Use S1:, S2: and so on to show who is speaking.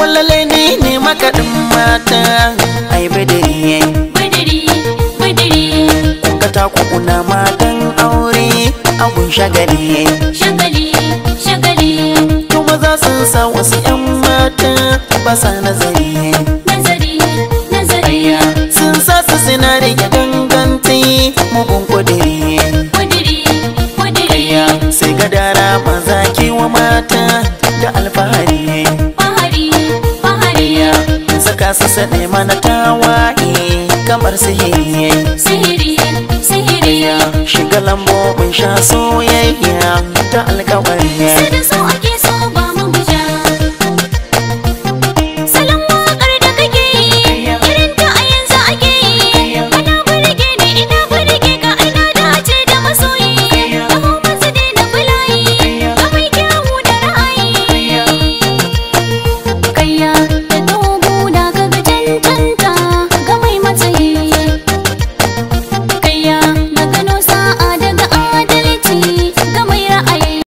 S1: walale ne ne makaɗin mata ai badari yayi badari badari kata kuna matan aure a kun agun shagali
S2: shagali shagali to maza sun sa wasu yan mata ba sa nazari nazari nazari sun sa su suna rage dangantai mugun kudiri za su mana tawaye kamar sihiri sihiri sihiri shiga lambobin sha soyayya